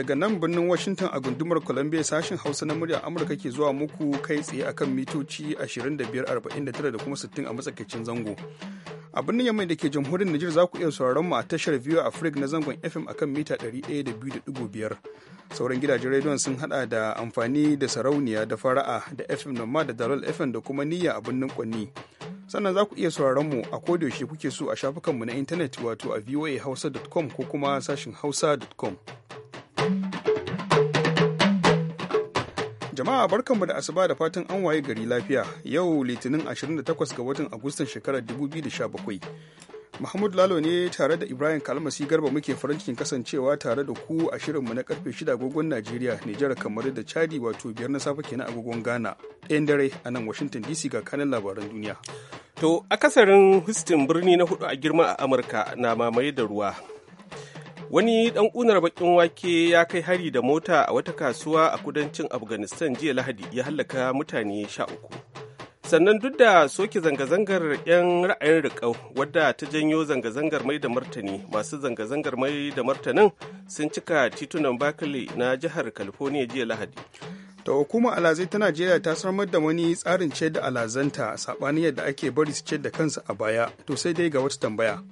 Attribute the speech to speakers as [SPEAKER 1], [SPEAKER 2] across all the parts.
[SPEAKER 1] daga nan birnin Washington a gundumar Columbia sashen Hausa na murya Amurka ke zuwa muku kai tsaye akan mitoci 2549 da kuma 60 a matsakaicin zango. A birnin Yamai da ke jamhuriyar niger za ku iya sauraron mu a tashar View Africa na zangon FM akan mita 102.5. Sauran gidajen rediyon sun hada da amfani da sarauniya da fara'a da FM Noma da Dalol FM da kuma niyya a birnin Kwanni. sannan za ku iya sauraron mu a kodayaushe kuke so a shafukanmu na intanet wato a voahausa.com ko kuma sashin hausa.com. Jama'a barkanmu da asuba da fatan an waye gari lafiya yau litinin 28 ga watan Agustan shekarar 2017. Mahmud Lalo ne tare da Ibrahim Kalmasi Garba muke farancin kasancewa tare da ku a shirinmu na karfe 6 agogon Najeriya, Nijar kamar da Chadi wato biyar na safe kenan agogon Ghana. Ɗayan dare a nan Washington DC ga kanin labaran duniya.
[SPEAKER 2] To akasarin Houston birni na hudu a girma a Amurka na mamaye da ruwa. wani dan kunar bakin wake ya kai hari da mota a wata kasuwa a kudancin afghanistan jiya lahadi ya hallaka mutane sha uku sannan duk da soke zanga-zangar 'yan ra'ayin rikau wadda ta janyo zanga-zangar mai da martani masu zanga-zangar mai da martanin sun cika titunan bakale na jihar california jiya lahadi
[SPEAKER 1] ta hukumar alazai ta najeriya ta samar da wani tsarin ce da alazanta saɓanin yadda ake bari su ce da kansa a baya to sai dai ga wata tambaya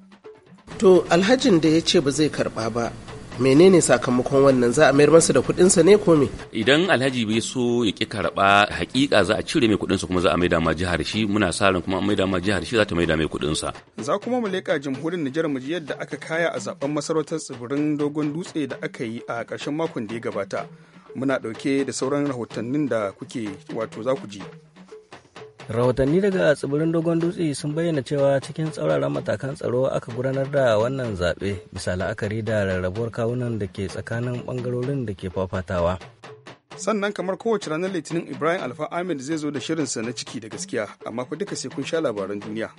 [SPEAKER 3] To alhajin da ya ce ba zai karba ba menene sakamakon wannan za a mayar masa da kuɗinsa ne ko me
[SPEAKER 4] idan alhaji bai so ya ki karba hakika za a cire mai kuɗinsa kuma za a maida ma jihar shi muna sa ran kuma maida ma jihar shi za ta maida mai kuɗinsa
[SPEAKER 1] za kuma mu leƙa jamhuriyar Nijar mu ji yadda aka kaya a zaben masarautar tsibirin dogon dutse da aka yi a ƙarshen makon da ya gabata muna ɗauke da sauran rahotannin da kuke wato za ku ji
[SPEAKER 5] rahotanni daga tsibirin dogon dutse sun bayyana cewa cikin tsauraran matakan tsaro aka gudanar da wannan zaɓe bisa la'akari da rarrabuwar kawunan da ke tsakanin ɓangarorin da ke fafatawa sannan
[SPEAKER 1] kamar kowace ranar litinin ibrahim alfa ahmed zai zo da shirinsa na ciki da gaskiya amma fa duka sai kun sha labaran
[SPEAKER 2] duniya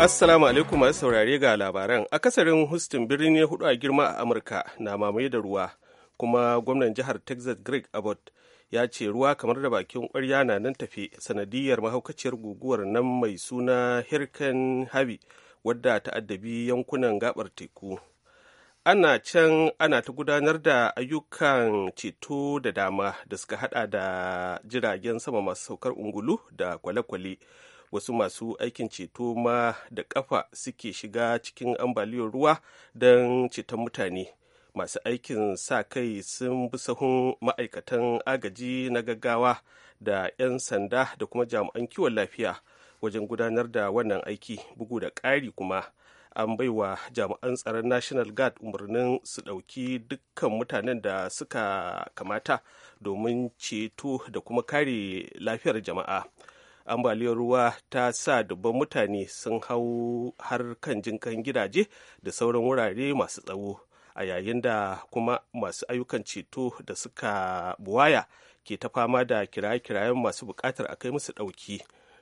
[SPEAKER 2] Assalamu alaikum masu saurare ga labaran. Akasarin Houston birni ne hudu a girma a Amurka na mamaye da ruwa. kuma gwamnan jihar texas greg abbott ya ce ruwa kamar da bakin kwarya na nan tafe sanadiyar mahaukaciyar guguwar nan mai suna hirkan habi wadda ta addabi yankunan gabar teku ana can ana ta gudanar da ayyukan ceto da dama da suka hada da jiragen sama masu saukar ungulu da kwale-kwale wasu masu aikin ceto ma da kafa suke shiga cikin ambaliyar ruwa don ceton mutane masu aikin sa kai sun bi sahun ma'aikatan agaji na gaggawa da 'yan sanda da kuma jami'an kiwon lafiya wajen gudanar da wannan aiki bugu da ƙari kuma an baiwa jami'an tsaron national guard umarnin su ɗauki dukkan mutanen da suka kamata domin ceto da kuma kare lafiyar jama'a ambaliyar ruwa ta sa dubban mutane sun hau har kan jinkan gidaje da sauran wurare masu tsawo a yayin da kuma masu ayyukan ceto da suka buwaya ke ta fama da kiraye-kirayen masu bukatar a kai musu ɗauki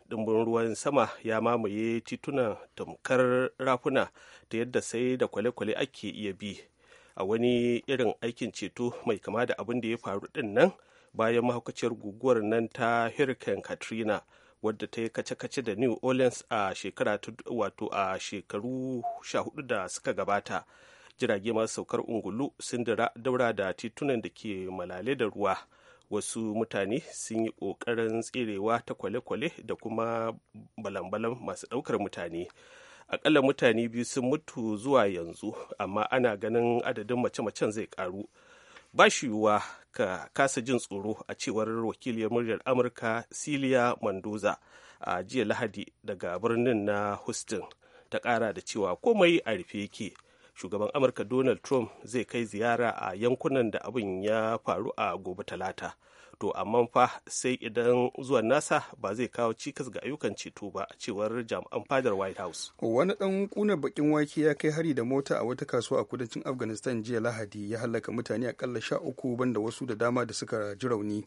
[SPEAKER 2] ɗumbin ruwan sama ya mamaye titunan tamkar rafuna ta yadda sai da kwale-kwale ake iya bi a wani irin aikin ceto mai kama da abin da ya faru ɗin nan bayan mahaukaciyar guguwar nan ta hurricane katrina wadda ta yi kace-kace da new orleans a wato a shekaru 14 da suka gabata jirage masu saukar ungulu sun dira daura da titunan da ke malale da ruwa wasu mutane sun yi ƙoƙarin tserewa ta kwale-kwale da kuma balan-balan masu ɗaukar mutane akalla mutane biyu sun mutu zuwa yanzu amma ana ganin adadin mace-macen zai karu ba shi yiwuwa ka kasa jin tsoro a cewar wakiliyar muryar amurka celia mendoza a jiya lahadi daga birnin na houston ta kara da cewa komai a rufe yake shugaban amurka donald trump zai kai ziyara a yankunan da abin ya faru a gobe talata to amma fa sai idan zuwan nasa ba zai kawo cikas ga ayyukan ceto ba a cewar jami'an fadar white house
[SPEAKER 1] wani dan kuna bakin wake ya kai hari da mota a wata kasuwa a kudancin afghanistan jiya lahadi ya halaka mutane akalla sha uku banda wasu da dama da suka ji rauni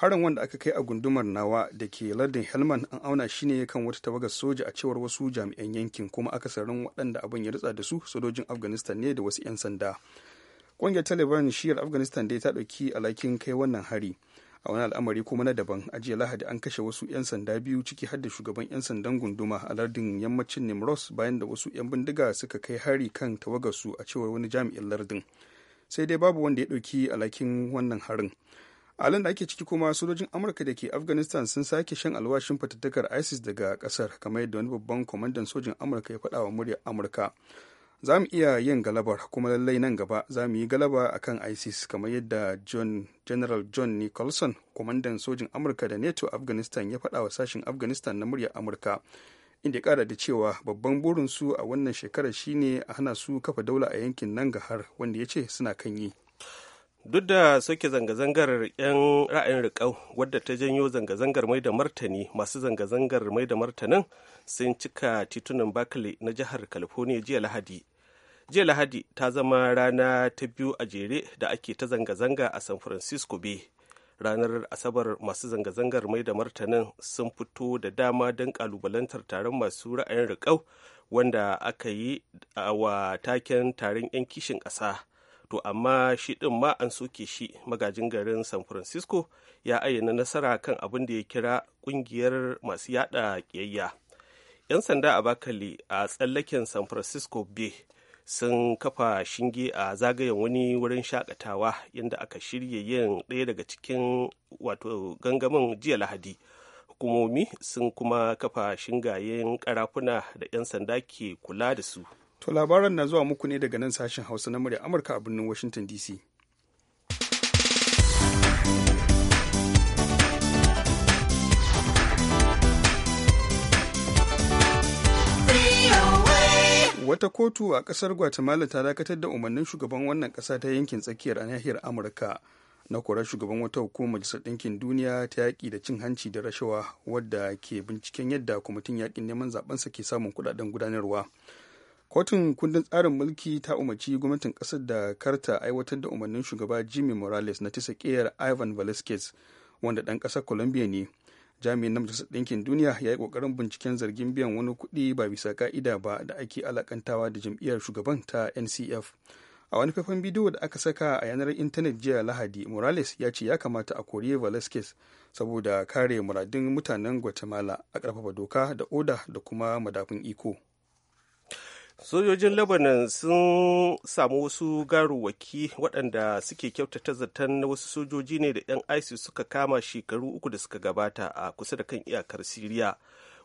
[SPEAKER 1] harin wanda aka kai a gundumar nawa da ke lardin helman an auna shi ne kan wata tawagar soja a cewar wasu jami'an yankin kuma aka akasarin waɗanda abin ya ritsa da su sojojin afghanistan ne da wasu 'yan sanda ƙungiyar taliban shiyar afghanistan dai ta ɗauki alhakin kai wannan hari a wani al'amari kuma na daban a jiya lahadi an kashe wasu 'yan sanda biyu ciki har da shugaban 'yan sandan gunduma a lardin yammacin nimros bayan da wasu 'yan bindiga suka kai hari kan su a cewar wani jami'in lardin sai dai babu wanda ya ɗauki alhakin wannan harin halin da ake ciki kuma sojojin amurka da ke afghanistan sun sake shan alwashin fatattakar isis daga kasar kamar yadda wani babban kwamandan sojin amurka ya faɗa wa muryar amurka za mu iya yin galabar kuma lallai nan gaba za mu yi galaba a kan isis kamar yadda john general john nicholson kwamandan sojin amurka da neto afghanistan ya faɗa wa sashen afghanistan na murya amurka inda ya kara da cewa babban burinsu a wannan shekarar shine a hana su kafa daula a yankin nan har wanda ya ce suna kan yi
[SPEAKER 2] duk da soke zanga-zangar 'yan ra'ayin riƙau wadda ta janyo zanga-zangar mai da martani masu zanga-zangar mai da martanin sun cika titunan berkeley na jihar california jiya lahadi jiya lahadi ta zama rana ta biyu a jere da ake ta zanga-zanga a san francisco bay ranar asabar masu zanga-zangar mai da martanin sun fito da dama don kalubalantar taron masu ra'ayin riƙau wanda aka yi wa taken taron 'yan kishin ƙasa to amma shi ɗin ma an soke shi magajin garin san francisco ya ayyana nasara kan abin da ya kira ƙungiyar masu yada ƙiyayya 'yan sanda a bakali a tsallaken san francisco bay sun kafa shinge a zagayen wani wurin shakatawa inda aka shirya yin ɗaya daga cikin wato gangamin jiya lahadi hukumomi sun kuma kafa shingayen karafuna da 'yan sanda ke kula da su To labaran na zuwa muku ne daga nan
[SPEAKER 1] sashen Hausa na murya Amurka a birnin Washington DC. Wata kotu a ƙasar Guatemala ta dakatar da umarnin shugaban wannan ƙasa ta yankin tsakiyar a nahiyar Amurka na korar shugaban wata hukumar Majalisar Ɗinkin Duniya ta yaƙi da cin hanci da rashawa wadda ke binciken yadda kwamitin yaƙin neman zaɓensa ke samun kuɗaɗen gudanarwa. kotun kundin tsarin mulki ta umarci gwamnatin kasar da karta aiwatar da umarnin shugaba jimmy morales na tisa kiyar ivan velasquez wanda ɗan ƙasar colombia ne jami'in na majalisar ɗinkin duniya ya yi ƙoƙarin binciken zargin biyan wani kuɗi ba bisa ka'ida ba da ake alakantawa da jam'iyyar shugaban ta ncf a wani faifan bidiyo da aka saka a yanar intanet jiya lahadi morales ya ce ya kamata a kori velasquez saboda kare muradun mutanen guatemala a ƙarfafa doka da oda da kuma madafin iko
[SPEAKER 2] sojojin lebanon sun samu wasu garuwaki waɗanda suke kyautata zaton na wasu sojoji ne da 'yan isis suka kama shekaru uku da suka gabata a kusa da kan iyakar syria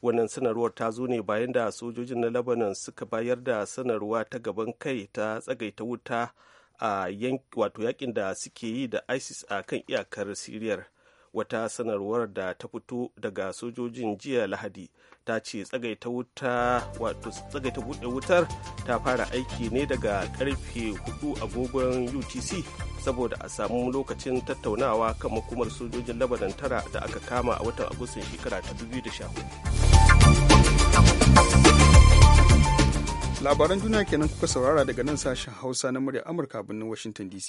[SPEAKER 2] wannan sanarwar ta zo ne bayan da sojojin na lebanon suka bayar da sanarwa ta gaban kai ta tsagaita wuta a wato yakin da suke yi da isis a kan iyakar siriyar wata sanarwar da ta fito daga sojojin jiya lahadi ta ce tsagaita wuta tsagaita buɗe wutar ta fara aiki ne daga karfe 4 agogon utc saboda a samu lokacin tattaunawa kan makomar sojojin labanan tara da aka kama a watan agustan shekara ta 2014
[SPEAKER 1] labaran juna kenan kuka saurara daga nan sashen hausa na murya amurka birnin washington dc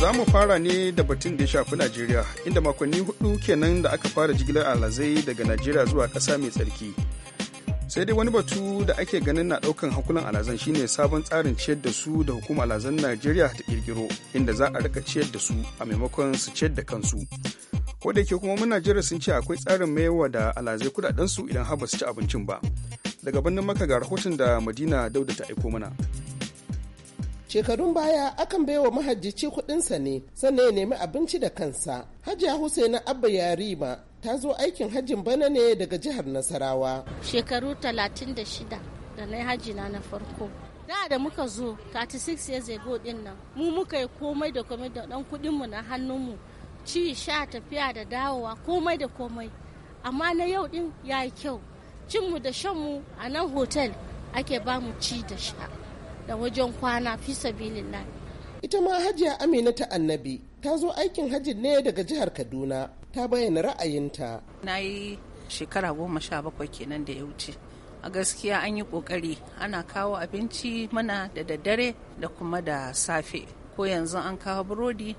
[SPEAKER 1] za mu fara ne da batun da ya shafi Najeriya, inda makonni hudu kenan da aka fara jigilar alazai daga Najeriya zuwa ƙasa mai tsarki. Sai dai wani batu da ake ganin na ɗaukan hankulan alazan shine sabon tsarin ciyar da su da hukumar alazan Najeriya ta ƙirƙiro, inda za a rika ciyar da su a maimakon su ciyar da kansu. Ko da ke kuma mun Najeriya sun ce akwai tsarin maiwa da alazai kudadensu idan har ba su ci abincin ba. Daga birnin maka ga rahoton da Madina Dauda ta aiko mana.
[SPEAKER 3] shekarun baya akan baiwa mahajjici kuɗinsa ne sannan ya nemi abinci da kansa hajiya husaina abba yarima ta zo aikin hajjin bana ne daga jihar nasarawa
[SPEAKER 5] shekaru 36 da na haji na na farko da da muka zo 36 years ago din nan mu muka yi komai da komai da dan kudinmu na hannunmu ci sha tafiya da dawowa komai da komai amma na yau din yayi kyau cin mu da shan mu a nan hotel ake ba mu ci da sha da wajen kwana fi sabilillah
[SPEAKER 3] ita ma hajiya amina ta annabi ta zo aikin hajji ne daga jihar kaduna ta bayyana ra'ayinta
[SPEAKER 6] na yi
[SPEAKER 1] shekara goma sha bakwai kenan da ya wuce a gaskiya an yi kokari ana kawo abinci mana da daddare da kuma da safe ko yanzu an kawo burodi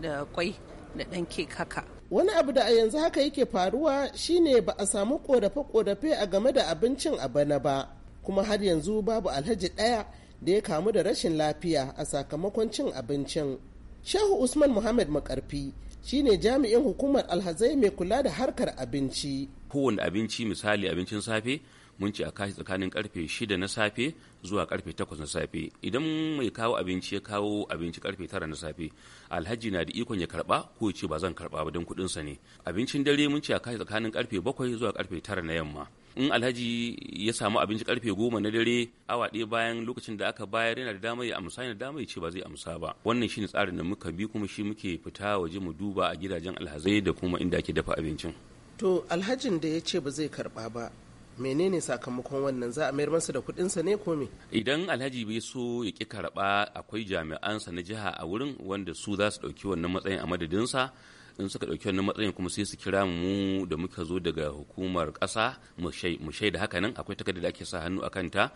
[SPEAKER 1] da kwai da ɗan kek haka
[SPEAKER 3] wani abu da a yanzu haka yake faruwa shine ba a samu korafe-korafe a game da abincin a bana ba kuma har yanzu babu alhaji ɗaya da ya kamu da rashin lafiya a sakamakon cin abincin shehu usman muhammad makarfi shi ne jami'in hukumar alhazai mai kula da harkar abinci
[SPEAKER 4] kowane abinci misali abincin safe mun ce a kashi tsakanin karfe shida na safe zuwa karfe 8 na safe idan mai kawo abinci ya kawo abinci karfe tara na safe alhaji na da ikon ya karba ko ya ce ba zan karba ba don kudinsa ne abincin dare mun ce a kashi tsakanin karfe bakwai zuwa karfe tara na yamma in alhaji ya samu abinci karfe goma na dare awa ɗaya bayan lokacin da aka bayar yana da dama ya amsa yana da dama ya ce ba zai amsa ba wannan shine tsarin da muka bi kuma shi muke fita waje mu duba a gidajen alhazai da kuma inda ake dafa abincin
[SPEAKER 3] to alhajin da ya ce ba zai karba ba menene sakamakon wannan za a mayar masa da kuɗinsa ne ko me
[SPEAKER 4] idan alhaji bai so ya ki karba akwai jami'ansa na jiha a wurin wanda su za su ɗauki wannan matsayin a madadinsa in suka ɗauki wannan matsayin kuma sai su kira mu da muka zo daga hukumar ƙasa mu shaida haka nan akwai takarda da ake sa hannu a kanta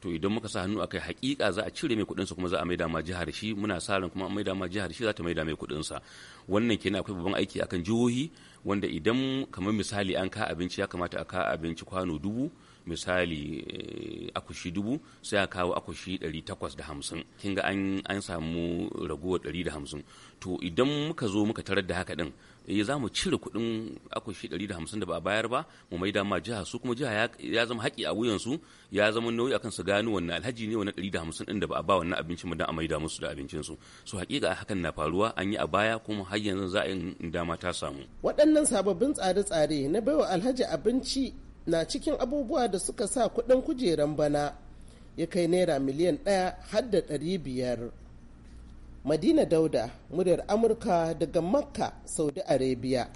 [SPEAKER 4] to idan muka sa hannu a kai hakika za a cire mai kuɗinsa kuma za a maida ma jihar shi muna sa ran kuma maida ma jihar shi za ta maida mai sa wannan kenan akwai babban aiki akan jihohi wanda idan kamar misali an ka abinci ya kamata a ka abinci kwano dubu misali eh, akushi dubu sai a kawo akushi ɗari takwas da hamsin kin ga an samu raguwa ɗari da hamsin to idan muka zo muka tarar da haka ɗin eh, za mu cire kuɗin akushi ɗari da hamsin da ba a bayar ba mu mai dama jiha su kuma jiha ya zama haƙi a wuyansu ya zama nauyi akan su gano wannan alhaji ne wannan ɗari da hamsin ɗin da ba a ba wannan abincin mu dan a da musu da abincinsu su haƙiƙa hakan na faruwa an yi a baya kuma har yanzu za a yi dama ta samu
[SPEAKER 3] waɗannan sababbin tsare-tsare na baiwa alhaji abinci na cikin abubuwa da suka sa kuɗin kujeran bana ya kai naira miliyan ɗaya har da ɗari biyar. Madina Dauda, muryar Amurka daga Makka, Saudi Arabia.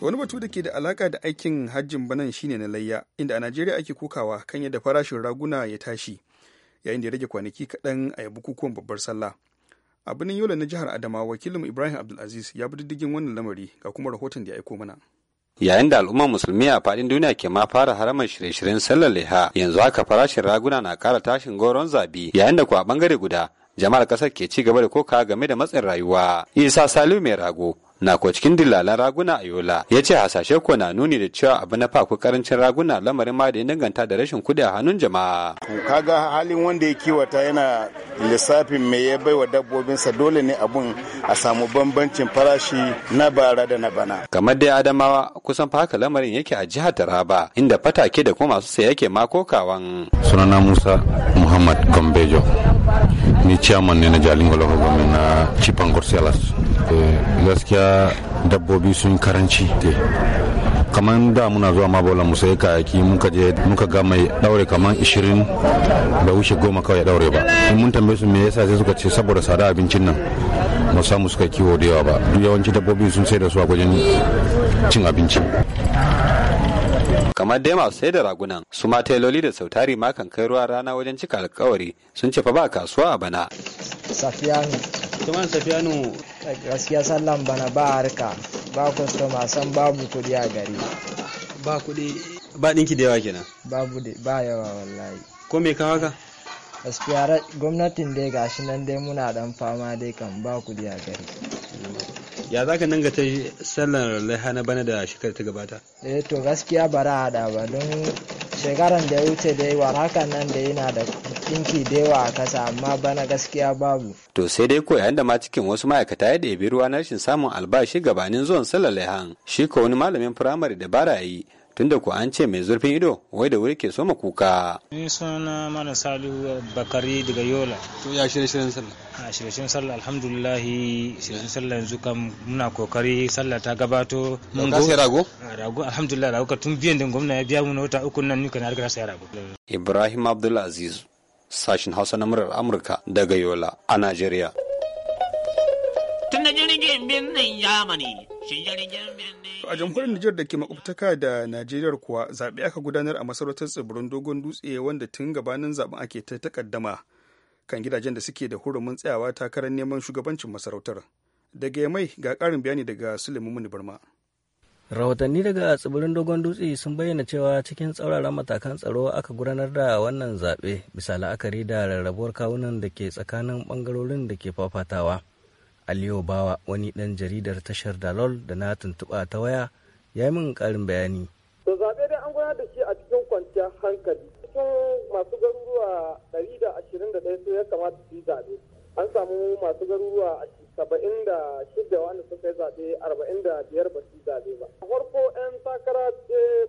[SPEAKER 1] wani batu da ke da alaka da aikin hajjin banan shine na layya inda a najeriya ake kokawa kan yadda farashin raguna ya tashi yayin da ya rage kwanaki kaɗan a bukukuwan babbar sallah a birnin yola na jihar adamawa wakilin ibrahim abdulaziz ya bi diddigin wannan lamari ga kuma rahoton da ya aiko mana
[SPEAKER 7] yayin da al'ummar musulmi a fadin duniya ke ma fara haramar shirye-shiryen sallar leha yanzu haka farashin raguna na kara tashin goron zabi yayin da kuwa bangare guda jama'ar kasar ke ci gaba da koka game da matsin rayuwa isa salu mai rago na ko cikin dillalan raguna a yola ya ce hasashe ko na nuni da cewa abu na faku karancin raguna lamarin ma da ya danganta da rashin kuɗi a hannun jama'a
[SPEAKER 1] kaga halin wanda ya kiwata yana lissafin me ya baiwa dabbobinsa dole ne abun a samu bambancin farashi na bara da na bana
[SPEAKER 7] kamar dai adamawa kusan fa haka lamarin yake a jihar taraba inda fatake da kuma masu saya yake mako sunana musa muhammad gombejo ni chairman ne na jalingo lokacin na chipan gorsialas Eh, gaskiya dabbobi sun karanci kamar da muna zuwa ma bola mu sai kayaki muka je muka ga mai daure kamar ishirin da wuce goma kawai daure ba in mun tambaye su me yasa sai suka ce saboda sada abincin nan ba samu suka kiwo da yawa ba duk yawanci dabbobi sun sai da su a gwajin cin abinci kamar dai masu sai da ragunan su ma tailoli da sautari ma kan kai ruwa rana wajen cika alkawari sun ce fa ba kasuwa a bana
[SPEAKER 8] gaskiya sallan bana ba harka ba kwastoma san babu kuɗi a gari
[SPEAKER 7] ba kudi ba ɗinki da yawa kenan
[SPEAKER 8] babu ba yawa wallahi ko me kawo ka gaskiya gwamnatin dai gashi nan dai muna dan fama dai kan ba kuɗi a gari
[SPEAKER 7] ya za ka nanga ta sallar laiha na bana da shekar ta gabata
[SPEAKER 8] eh to gaskiya bara hada ba don shekaran da ya wuce da yawa hakan nan da yana da ɗinki da yawa a kasa amma bana gaskiya babu.
[SPEAKER 7] To sai dai ko da ma cikin wasu ma'aikata ya ɗebi ruwa na rashin samun albashi gabanin zuwan salalehan shi ko wani malamin firamare da bara yi tunda ku an ce mai zurfin ido wai da wuri ke soma kuka.
[SPEAKER 9] Ni suna mana Salihu Bakari daga Yola. To ya shirye shirin sallah. A shirye shirin sallah alhamdulillah shirye sallah yanzu kam muna kokari sallah ta gabato. Mun sai rago? Rago alhamdulillah rago tun biyan din gwamna ya biya mu wata uku nan ni kana riga sai rago.
[SPEAKER 7] Ibrahim Abdulaziz sashin Hausa na murar Amurka daga Yola a Najeriya.
[SPEAKER 6] A
[SPEAKER 1] jamhuriyar Nijar da ke makwabtaka da Najeriya kuwa zaɓe aka gudanar a masarautar tsibirin dogon dutse wanda tun gabanin zaɓen ake ta takaddama kan gidajen da suke da hurumin tsayawa takarar neman shugabancin masarautar. Daga mai ga ƙarin bayani daga Suleiman Muni
[SPEAKER 5] rahotanni daga tsibirin dogon dutse sun bayyana cewa cikin tsauraran matakan tsaro aka gudanar da wannan zaɓe bisa la'akari da rarrabuwar kawunan da ke tsakanin ɓangarorin da ke fafatawa Aliyu Bawa wani ɗan jaridar tashar Dalol da na tuntuɓa ta waya ya yi min ƙarin bayani.
[SPEAKER 6] To zaɓe dai an gudanar da shi a cikin kwanciyar hankali. Cikin masu garuruwa ɗari da ashirin da ɗaya ya kamata su yi zaɓe. An samu masu garuruwa a saba'in da shida wanda suka yi zaɓe arba'in da biyar ba su zaɓe ba. A farko 'yan takara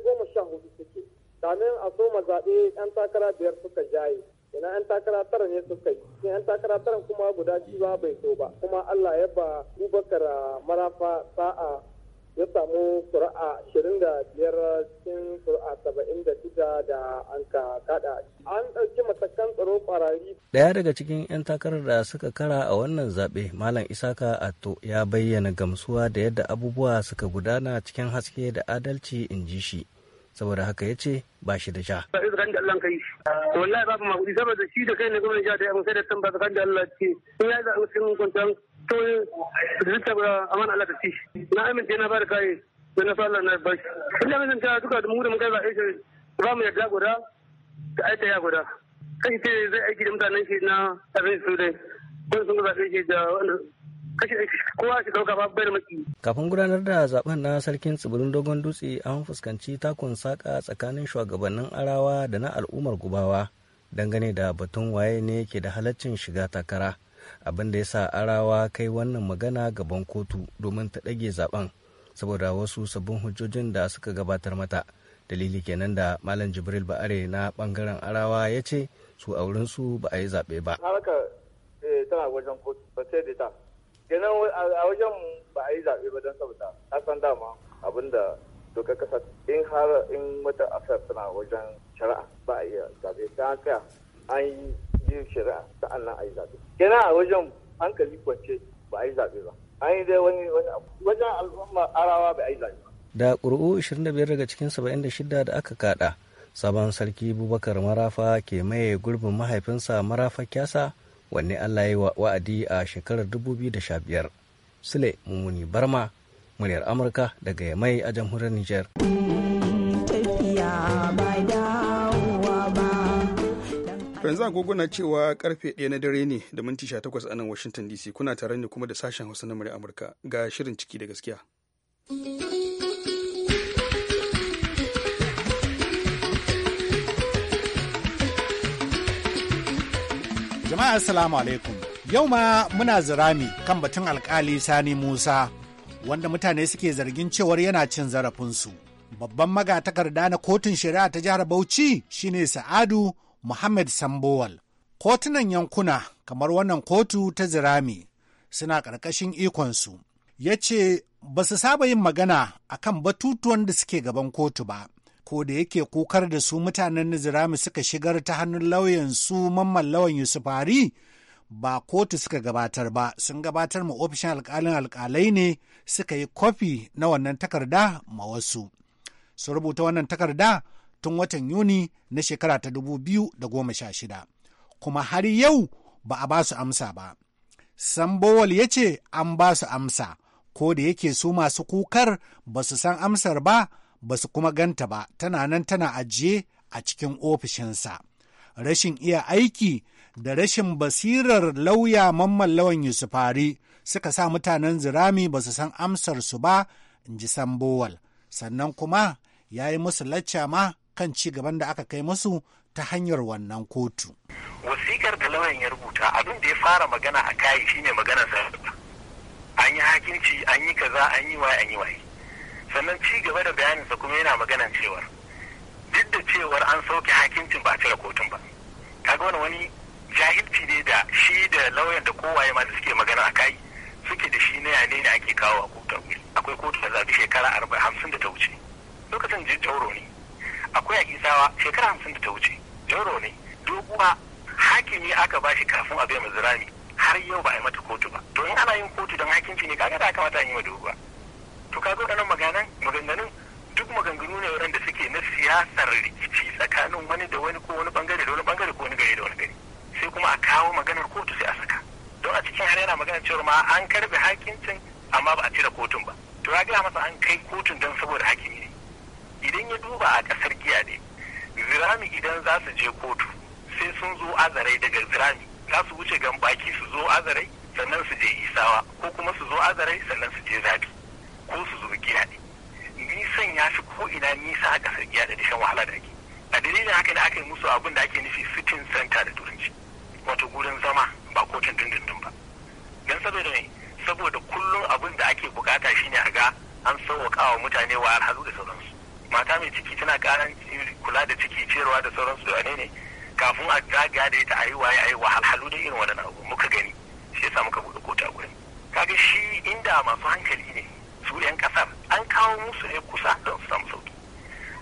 [SPEAKER 6] goma sha hudu suke. Kamin a soma zaɓe 'yan takara biyar suka jaye. ina yan takara tara ne suka yi sai an takara tara kuma guda shi ba bai so ba kuma Allah ya ba Abubakar Marafa sa'a ya samu kuri'a 25 da cikin ƙuri'a saba'in da an ka kada an ɗauki matakan tsaro kwararri
[SPEAKER 5] Ɗaya daga cikin 'yan takarar da suka kara a wannan zaɓe Malam Isaka Ato ya bayyana gamsuwa da yadda abubuwa suka gudana cikin haske da adalci in ji shi. saboda haka ya ce ba shi da sha.
[SPEAKER 4] kai. Wallahi babu makudi saboda shi da kai ne gwamnati
[SPEAKER 5] sai da ba da Allah ce. to zuta ba duka da mu da mun kai ba mu yadda zai aiki da mutanen shi na abin su dai. Kun sun zaɓe shi da wani shi dauka
[SPEAKER 6] ba maki
[SPEAKER 5] kafin gudanar da zaben na sarkin tsibirin dogon dutse an fuskanci takun saka tsakanin shugabannin arawa da na al'ummar gubawa dangane da batun waye ne ke da halaccin shiga takara abinda ya sa arawa kai wannan magana gaban kotu domin ta ɗage zaben saboda wasu sabbin hujjojin da suka gabatar mata dalili kenan da malam jibril ba'are na bangaren arawa ya ce su a wurinsu ba a yi zaɓe ba.
[SPEAKER 8] Eh, tana wajen kotu ba sai da ta kenan a wajen ba a yi zaɓe ba don saboda a san dama abinda dokar kasa in har in
[SPEAKER 6] wata afiyar tana wajen shari'a ba a iya zaɓe ta haka an yi yin shari'a sa'an na a yi zaɓe kenan a wajen hankali kwance ba a yi zaɓe ba an yi dai wani wani wajen al'umma arawa ba a yi zaɓe ba.
[SPEAKER 5] da ƙuri'u 25 daga cikin 76 da aka kaɗa sabon sarki bubakar marafa ke maye gurbin mahaifinsa marafa kyasa wanne Allah ya yi wa'adi a shekarar 2015. Sule Mummuni Barma, muryar Amurka daga Yamai a jamhuriyar Nijar. yanzu agogo na cewa
[SPEAKER 1] karfe 1 na dare ne da minti 18 a nan Washington DC kuna tare ne kuma da sashen Hausa na murya Amurka ga shirin ciki da gaskiya.
[SPEAKER 9] Jama'a Assalamu alaikum. Yau ma muna zirami kan batun alkali Sani Musa wanda mutane suke zargin cewar yana cin zarafinsu. Babban magatakarda na kotun shari'a ta jihar Bauchi shine Sa'adu Muhammad Sambowal. Kotunan yankuna kamar wannan kotu ta zirami suna ƙarƙashin ikonsu. Ya ce ba su saba yin magana akan batutuwan da suke gaban kotu ba. ko da yake kokar da su mutanen Nizirami suka shigar ta hannun lauyan su mamman lawan Yusuf Hari ba kotu suka gabatar ba sun gabatar ma ofishin alkalin alkalai ne suka yi kofi na wannan takarda ma wasu su rubuta wannan takarda tun watan yuni na shekara ta dubu biyu da goma sha shida. kuma har yau ba a ba su amsa ba sambowal ya ce an ba su amsa ko da yake su masu kukar ba su san amsar ba ba su kuma ganta ba tana nan tana ajiye a cikin ofishinsa. Rashin iya aiki da rashin basirar lauya mamman lawan Yusufari suka sa mutanen zirami ba su san amsarsu ba, in ji Sambowal. Sannan kuma ya yi musu lacca ma kan ci gaban da aka kai musu ta hanyar wannan kotu.
[SPEAKER 6] Wasikar da lauyan ya rubuta abin da ya fara magana a kayi shine magana sa an yi hakinci an yi kaza an yi waye an yi waye sannan ci gaba da sa kuma yana magana cewar duk da cewar an sauke hakincin ba a cire kotun ba kaga wani wani jahilci ne da shi da lauyan da kowaye ma suke magana a kai suke da shi na yane ne ake kawo a kotun akwai kotu da zaɓi shekara arba'in hamsin da ta wuce lokacin jauro ne akwai a shekara hamsin da ta wuce jauro ne doguwa hakimi aka bashi kafin a bai mazirami har yau ba a yi mata kotu ba to in ana yin kotu don hakimci ne kaga da aka mata yi wa doguwa to kaga waɗannan maganan maganganun duk maganganu ne waɗanda suke na siyasar rikici tsakanin wani da wani ko wani bangare da wani bangare ko wani gari da wani gari sai kuma a kawo maganar kotu sai a saka don a cikin har yana magana cewa ma an karbe hakincin amma ba a cire kotun ba to ya gaya masa an kai kotun don saboda hakimi ne idan ya duba a ƙasar giya ne zirami idan za su je kotu sai sun zo azarai daga zirami za su wuce gambaki su zo azarai sannan su je isawa ko kuma su zo azarai sannan su je zafi. ko su zo Ni nisan ya fi ko ina nisa aka sa giya da shan wahala da ake a dalilin haka ne aka yi musu abin da ake nufi sitting center da turanci wato gurin zama ba kotun dindindin ba don saboda ne saboda kullum abin da ake bukata shine a ga an sauwaƙa wa mutane wa alhalu da sauransu mata mai ciki tana karan kula da ciki ciyarwa da sauransu da wane ne kafin a zagaya da ita a yi waye a yi wahalhalu da irin waɗannan abu muka gani shi yasa muka buɗe kota gurin kaga shi inda masu hankali ne turiyan kasar an kawo musu ne kusa don su samu sauki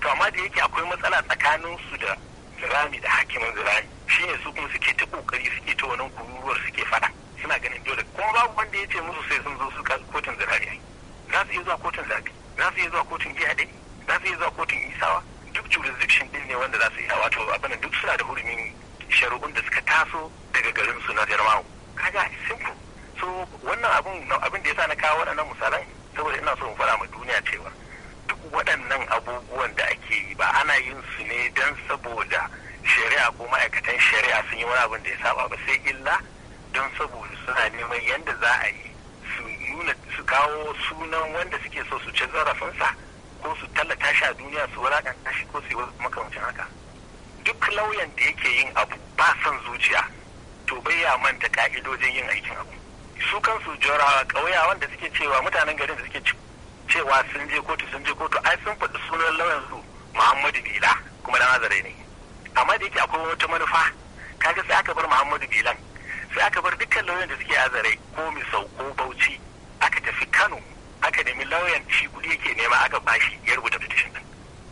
[SPEAKER 6] to amma da yake akwai matsala tsakanin su da zirami da hakimin zirami shine su kuma suke ta kokari suke ta wannan kururuwar suke fada suna ganin dole kuma babu wanda ya ce musu sai sun zo su kotun zirari za su iya zuwa kotun zabi za su iya zuwa kotun jiya ɗaya za su iya zuwa kotun isawa duk jurisdiction din ne wanda za su iya wato abin duk suna da hurumin shari'un da suka taso daga garin su na jarmawo kaga simple so wannan abin da yasa na kawo waɗannan misalan saboda ina so fara ma duniya cewa duk waɗannan abubuwan da ake yi ba ana yin su ne don saboda shari'a ko ma'aikatan shari'a sun yi wani abin da ya saba ba sai illa don saboda suna neman yadda za a yi su nuna su kawo sunan wanda suke so su ci zarafinsa ko su tallata shi a duniya su wulakanta shi ko su yi makamancin haka duk lauyan da yake yin abu ba son zuciya to bai ya manta ka'idojin yin aikin abu su kansu a ƙauya wanda suke cewa mutanen garin da suke cewa sun je kotu sun je kotu ai sun faɗi sunan lauyan su Muhammadu Bila kuma da azare ne amma da yake akwai wata manufa kaga sai aka bar Muhammadu Bilan sai aka bar dukkan lauyan da suke azare ko Misau ko Bauchi aka tafi Kano aka nemi lauyan shi kuɗi yake nema aka bashi ya rubuta petition din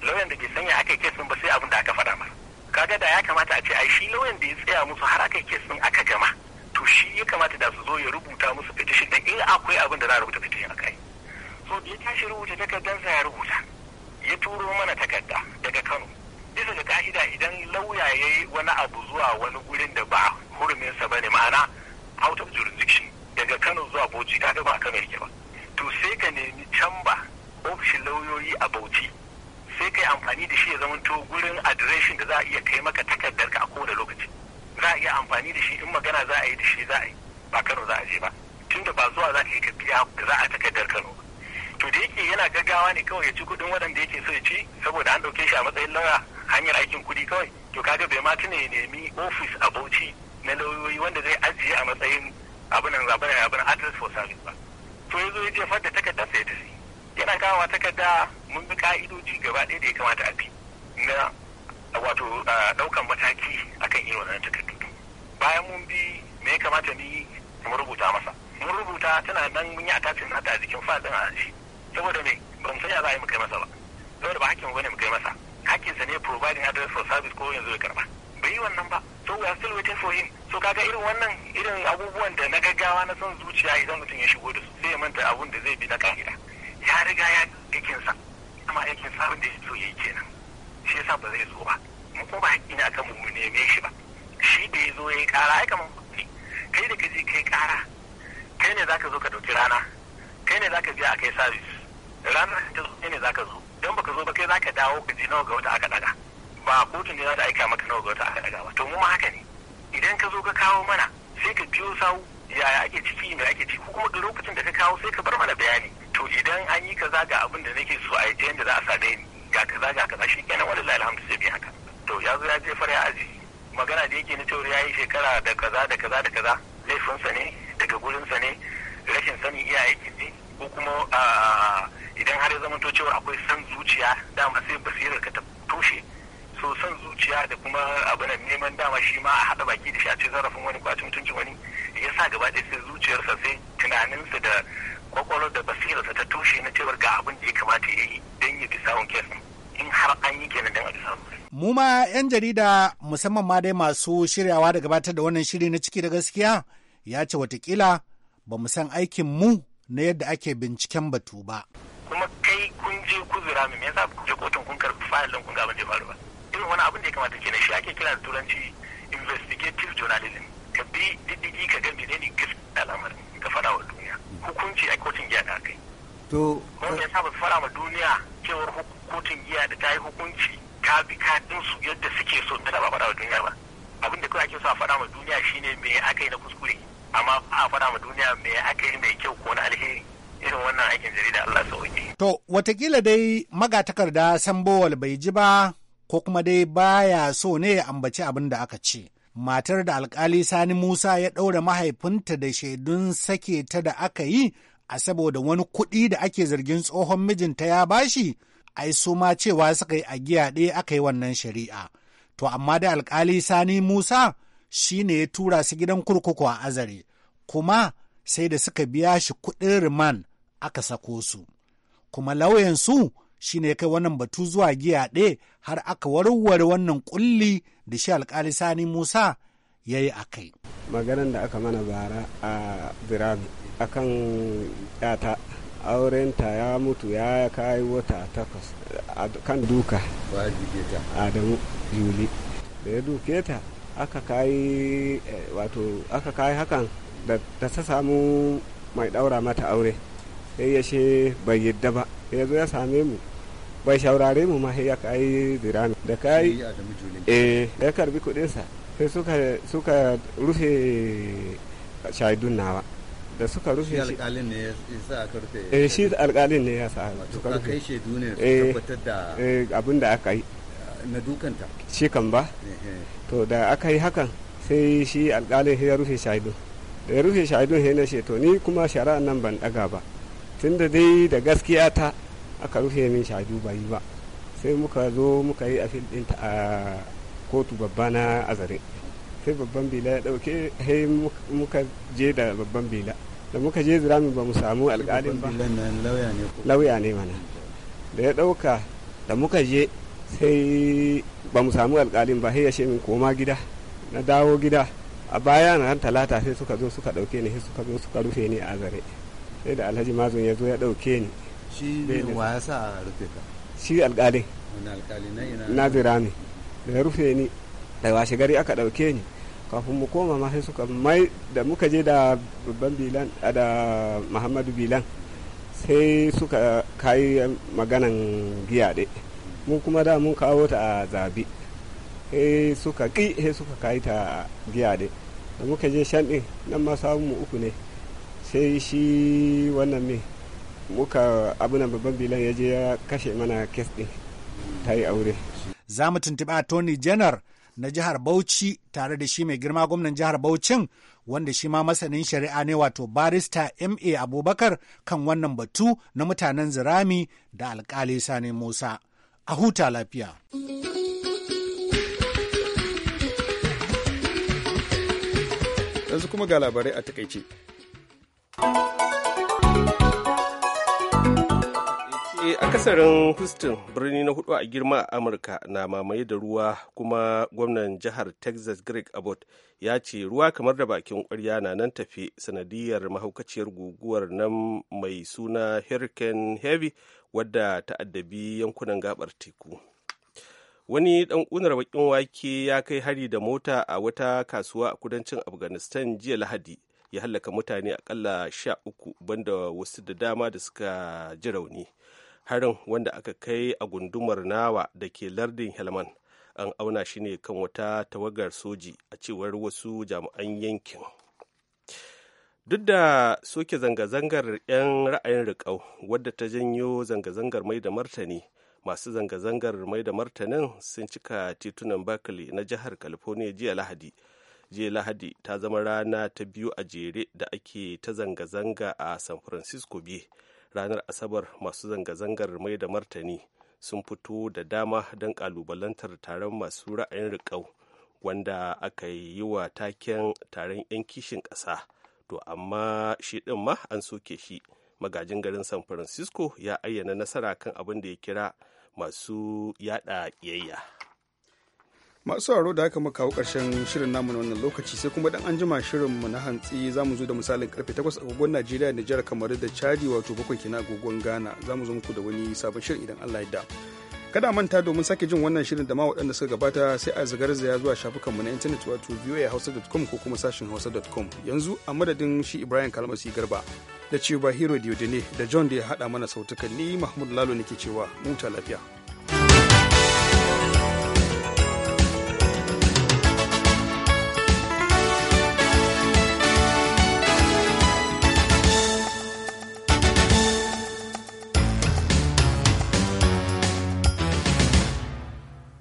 [SPEAKER 6] lauyan da ke sanya aka kesin ba sai abin da aka faɗa masa kaga da ya kamata a ce ai shi lauyan da ya tsaya musu har aka kesin aka gama to shi ya kamata da su zo ya rubuta musu fitishin da in akwai abin da za a rubuta fitishin a kai so da ya tashi rubuta takardarsa ya rubuta ya turo mana takarda daga Kano bisa ga ka'ida idan lauya ya yi wani abu zuwa wani gurin da ba huruminsa ba ne ma'ana out of jurisdiction daga Kano zuwa Bauchi kaga ba Kano yake ba to sai ka nemi camba ofishin lauyoyi a Bauchi sai ka yi amfani da shi ya zamanto gurin adireshin da za a iya kai maka takardarka a kowane lokaci za a iya amfani da shi in magana za a yi da shi za a yi ba kano za a je ba tunda ba zuwa za ka yi za a takardar kano to da yake yana gaggawa ne kawai ya ci kuɗin waɗanda yake so ya ci saboda an ɗauke shi a matsayin lauya hanyar aikin kuɗi kawai to kaga bai ma tuna ya nemi ofis a bauchi na lauyoyi wanda zai ajiye a matsayin abinan zaɓen abin address for service ba to ya zo ya jefar da takardar sai da yana kawowa takarda mun bi ka'idoji gaba ɗaya da ya kamata a bi na wato ɗaukan mataki akan irin wannan takardu bayan mun bi me ya kamata ni mu rubuta masa mun rubuta tana nan mun yi attachment na a jikin din a shi saboda me ban san ya za a yi mu kai masa ba saboda ba hakkin bane mu kai masa sa ne providing address for service ko yanzu ya karba bai yi wannan ba so we are still waiting for him so kaga irin wannan irin abubuwan da na gaggawa na son zuciya idan mutum ya shigo da su sai ya manta abun da zai bi na ka'ida ya riga ya sa kuma aikin sabon da ya so ya yi kenan shi yasa ba zai zo ba mu kuma ba hakki ne akan mu neme shi ba shi da ya zo ya yi kara ai kamar ne kai da ka je kai kara kai ne za ka zo ka ɗauki rana kai ne za ka je a kai sabis rana ta zo kai ne za ka zo don baka zo ba kai za ka dawo ka ji nawa ga wata aka ɗaga? ba kotun ne za ta aika maka nawa ga wata aka ɗaga ba to mu haka ne idan ka zo ka kawo mana sai ka biyo sawu yaya ake ciki me ake ciki kuma da lokacin da ka kawo sai ka bar mana bayani to idan an yi kaza ga abin da nake so a yi ta yadda za a same ni ga kaza ga kaza shi kenan wani lalhamdu sai bi haka to ya zo ya je fara ya aji magana da yake na cewa ya yi shekara da kaza da kaza da kaza laifinsa ne daga sa ne rashin sani iya aikin ne ko kuma idan har ya zama to cewa akwai san zuciya dama sai basirar ka ta toshe so san zuciya da kuma abin neman dama shi ma a haɗa baki da shi a ce zarafin wani kwacin mutuncin wani ya sa gaba ɗaya sai zuciyarsa sai tunaninsa da kwakwalwar da basirarsa ta tushe na cewar ga abin da ya kamata ya yi don ya fi samun kes in har an yi kenan don a fi samun
[SPEAKER 9] mu ma 'yan jarida musamman ma dai masu shiryawa da gabatar da wannan shiri na ciki da gaskiya ya ce watakila ba mu san aikin mu na yadda ake binciken batu ba.
[SPEAKER 6] kuma kai kun je kuzura mai yasa kun je kotun kun karbi fayil din kun ga abin je faru ba irin wani abin da ya kamata kenan shi ake kira da turanci investigative journalism ka bi diddigi ka ga ni gaskiya al'amarin ka fara wa duniya hukunci a kotun giya da kai to wanda ya su fara ma duniya cewar kotun giya da ta yi hukunci ta bi kaɗin su yadda suke so tana ba faɗa wa duniya ba abin da kawai ake so a faɗa ma duniya shine me aka yi na kuskure amma a faɗa ma duniya me aka yi mai kyau ko na alheri irin wannan aikin jarida
[SPEAKER 9] Allah sauke. To watakila dai magatakarda sambowal bai ji ba ko kuma dai baya so ne ya ambaci abin da aka ce. Matar da alkali Sani Musa ya ɗaura mahaifinta da shaidun sake ta da aka yi a saboda wani kuɗi da ake zargin tsohon mijinta ya bashi ai su ma cewa suka yi a giya ɗaya aka yi wannan shari'a. To amma da alkali Sani Musa shi ne ya tura su gidan kurkuku a azare, kuma sai da suka biya shi kuɗin riman aka sako su. Kuma lauyansu shi ne ya kai wannan batu zuwa giya ɗaya har aka warware wannan ƙulli da shi alkali Sani Musa ya yi a kai. Maganan da aka mana bara a Birami akan 'yata
[SPEAKER 8] aurenta ya mutu ya kai wata takwas kan duka adamu juli da ya duke ta aka kai eh, wato aka kai hakan da ta samu mai daura mata aure sai ya she bai yadda ba ya zo ya same mu bai shaurare mu ma sai ya kai dirami da kai eh ya karbi kudinsa sai suka rufe shaidun nawa da suka rufe shi alƙalin
[SPEAKER 3] ne ya sa rufe eh shi
[SPEAKER 8] alƙalin ne ya sa suka rufe kai shaidu ne eh, tabbatar da eh abin da aka yi na dukanta shi kan ba eh, eh. to da aka yi hakan sai shi alƙalin ya rufe shaidu da ya rufe shaidu ya na to ni kuma shari'a nan ban daga ba tunda dai da gaskiya ta aka rufe min shaidu ba yi ba sai muka zo muka yi afil ta a kotu babba na azare sai babban bila ya dauke sai muka je da babban bila da muka je zirami ba mu samu alƙalin ba lauya ne mana da ya ɗauka da muka je sai ba mu samu alƙalin ba sai ya min koma gida na dawo gida a baya na ran talata sai suka zo suka ɗauke ni sai suka zo suka rufe ni a zare sai da alhaji mazun ya zo ya ɗauke ni shi wa ya sa a rufe ka shi alƙalin
[SPEAKER 7] na zirami
[SPEAKER 8] da ya rufe ni da washe gari aka ɗauke ni kafin mu koma ma sai suka mai da muka je da babban bilan da muhammadu bilan sai suka kayi maganan giya ɗe mun kuma da mun kawo ta a zabi sai suka ƙi sai suka kayi ta giya ɗe da muka je shan ɗin nan ma samu mu uku ne sai shi wannan me
[SPEAKER 9] muka abunan babban bilan ya je ya kashe mana kes ɗin ta yi aure za mu a tony janar na jihar Bauchi tare da shi mai girma gwamnan jihar Bauchin wanda shi ma masanin shari'a ne wato barista MA Abubakar kan wannan batu na mutanen zirami da alkali Sani Musa. A huta lafiya.
[SPEAKER 2] Yanzu kuma ga labarai a takaice. a eh, akasarin houston birni na hudu a girma a amurka na mamaye da ruwa kuma gwamnan jihar texas greg abbott ya ce ruwa kamar da bakin kwarya na nan tafi sanadiyar mahaukaciyar guguwar nan mai suna hurricane heavy wadda ta addabi yankunan gabar teku wani dan kunar bakin wake ya kai hari da mota a wata kasuwa a kudancin afghanistan jiya lahadi ya hallaka mutane akalla sha uku banda wasu da dama da suka ji rauni harin wanda aka kai a gundumar nawa da ke lardin helman an auna shi ne kan wata tawagar soji a cewar wasu jami'an yankin duk da soke zanga-zangar 'yan ra'ayin riƙau wadda ta janyo zanga-zangar mai da martani masu zanga-zangar mai da martanin sun cika titunan berkeley na jihar california jiya lahadi jiya lahadi ta zama rana ta biyu a jere da ake ta zanga-zanga a san francisco biyu ranar asabar masu zanga-zangar mai da martani sun fito da dama don kalubalantar taron masu ra'ayin riƙau wanda aka yi wa taken taron 'yan kishin ƙasa to amma shi ɗin ma an soke shi magajin garin san francisco ya ayyana nasara kan abin da ya kira masu yada ƙiyayya.
[SPEAKER 1] masu sauraro da aka makawa karshen shirin namu na wannan lokaci sai kuma dan an jima mu na hantsi za zo da misalin karfe 8 agogon Najeriya da Nijar kamar da Chadi wato bakwai kina agogon Ghana za mu zo muku da wani sabon shirin idan Allah ya da. Kada manta domin sake jin wannan shirin da ma waɗanda suka gabata sai a ya zuwa shafukanmu na intanet wato voahausa.com ko kuma sashin hausa.com yanzu a madadin shi Ibrahim Kalmasi Garba da ba Hero Diodene da John da ya haɗa mana sautukan ni Mahmud Lalo ke cewa mu lafiya.